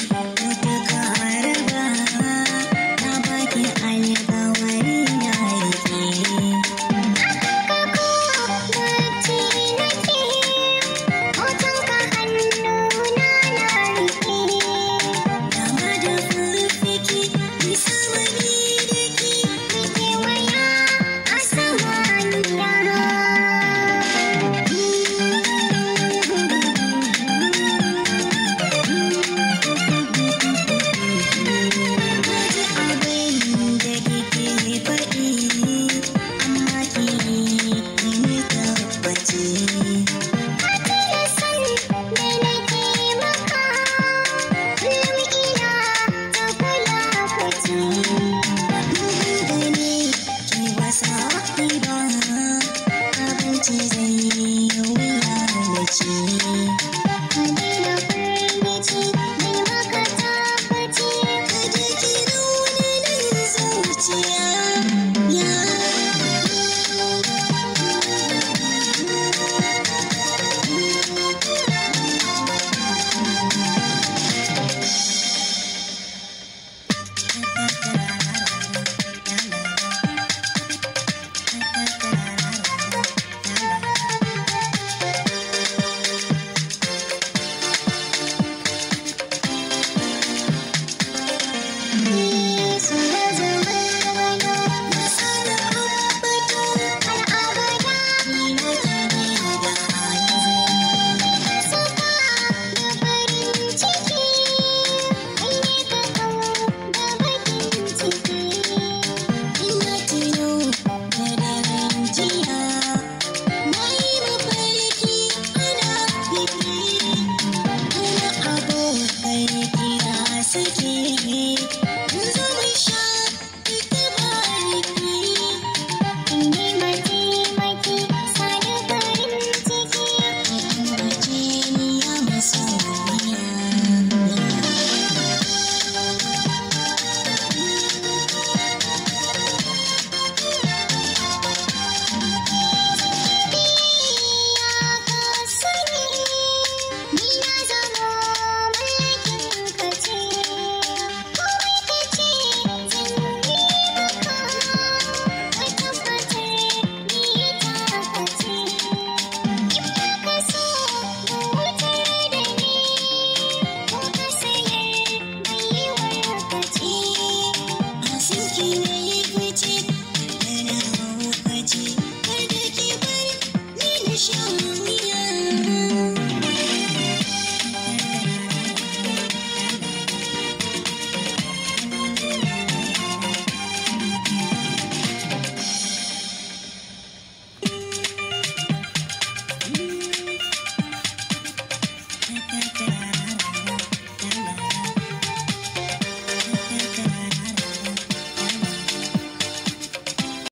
you.